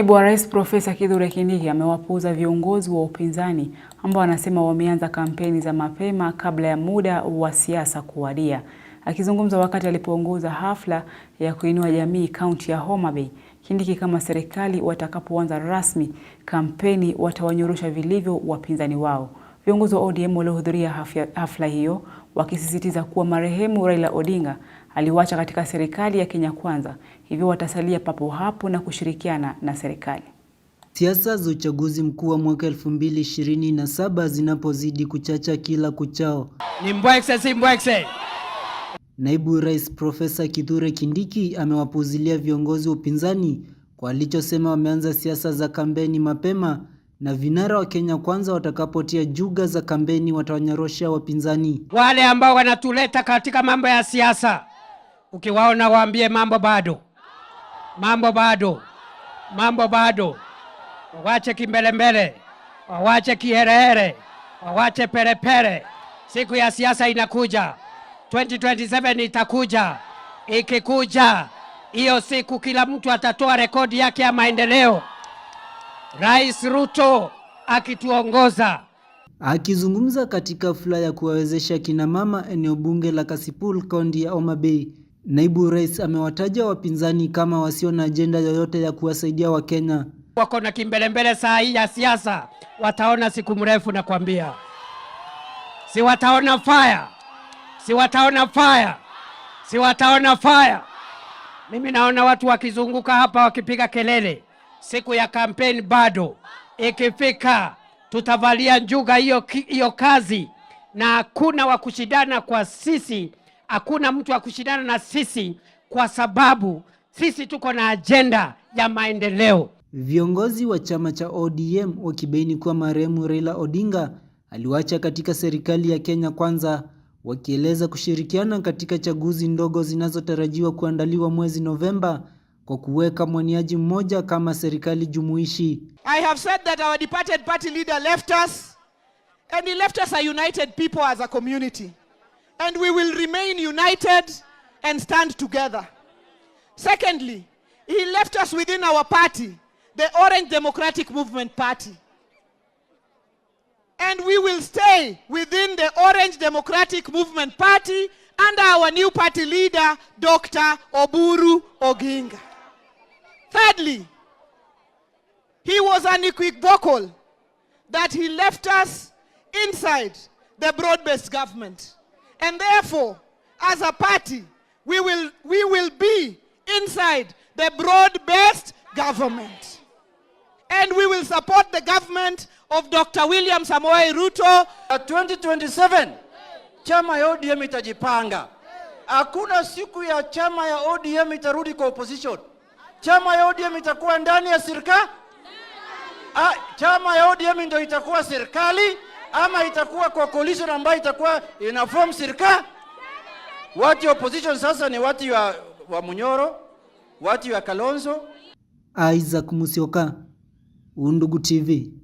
Naibu wa Rais Profesa Kithure Kindiki amewapuuza viongozi wa upinzani ambao anasema wameanza kampeni za mapema kabla ya muda wa siasa kuwadia. Akizungumza wakati alipoongoza hafla ya kuinua jamii kaunti ya Homa Bay, Kindiki kama serikali watakapoanza rasmi kampeni watawanyorosha vilivyo wapinzani wao. Viongozi wa ODM waliohudhuria hafla hiyo wakisisitiza kuwa marehemu Raila Odinga aliwacha katika serikali ya Kenya Kwanza, hivyo watasalia papo hapo na kushirikiana na serikali. Siasa za uchaguzi mkuu wa mwaka 2027 zinapozidi kuchacha kila kuchao. Ni mbwekse, si Naibu Rais Profesa Kithure Kindiki amewapuzilia viongozi wa upinzani kwa alichosema wameanza siasa za kampeni mapema na vinara wa Kenya Kwanza watakapotia juga za kampeni watawanyarosha wapinzani wale ambao wanatuleta katika mambo ya siasa. Ukiwaona waambie mambo bado, mambo bado, mambo bado. Wawache kimbelembele, wawache kiherehere, wawache perepere. Siku ya siasa inakuja, 2027 itakuja. Ikikuja hiyo siku, kila mtu atatoa rekodi yake ya maendeleo. Rais Ruto akituongoza. Akizungumza katika hafla ya kuwawezesha kina mama eneo bunge la Kasipul, kaunti ya Homa Bay, naibu rais amewataja wapinzani kama wasio na ajenda yoyote ya kuwasaidia Wakenya. Wako na kimbelembele saa hii ya siasa, wataona siku mrefu, nakwambia, si wataona faya, si wataona faya, si wataona faya. Mimi naona watu wakizunguka hapa wakipiga kelele siku ya kampeni bado ikifika, tutavalia njuga hiyo hiyo kazi, na hakuna wa kushindana kwa sisi, hakuna mtu wa kushindana na sisi, kwa sababu sisi tuko na ajenda ya maendeleo. Viongozi wa chama cha ODM wakibaini kuwa marehemu Raila Odinga aliwacha katika serikali ya Kenya Kwanza, wakieleza kushirikiana katika chaguzi ndogo zinazotarajiwa kuandaliwa mwezi Novemba kwa kuweka mwaniaji mmoja kama serikali jumuishi. I have said that our departed party leader left us and he left us a united people as a community and we will remain united and stand together. Secondly, he left us within our party, the Orange Democratic Movement Party. And we will stay within the Orange Democratic Movement Party under our new party leader, Dr. Oburu Oginga. Thirdly, he was an equivocal that he left us inside the broad-based government. And therefore, as a party, we will, we will be inside the broad-based government. And we will support the government of Dr. William Samoei Ruto. At 2027, chama ya ODM itajipanga. Hakuna siku ya chama ya ODM itarudi kwa opposition chama ya ODM itakuwa ndani ya serikali? Chama ya ODM ndio itakuwa serikali ama itakuwa kwa coalition ambayo itakuwa ina form serikali? Watu opposition sasa ni watu wa, wa Munyoro, watu wa Kalonzo. Isaac Musyoka, Undugu TV.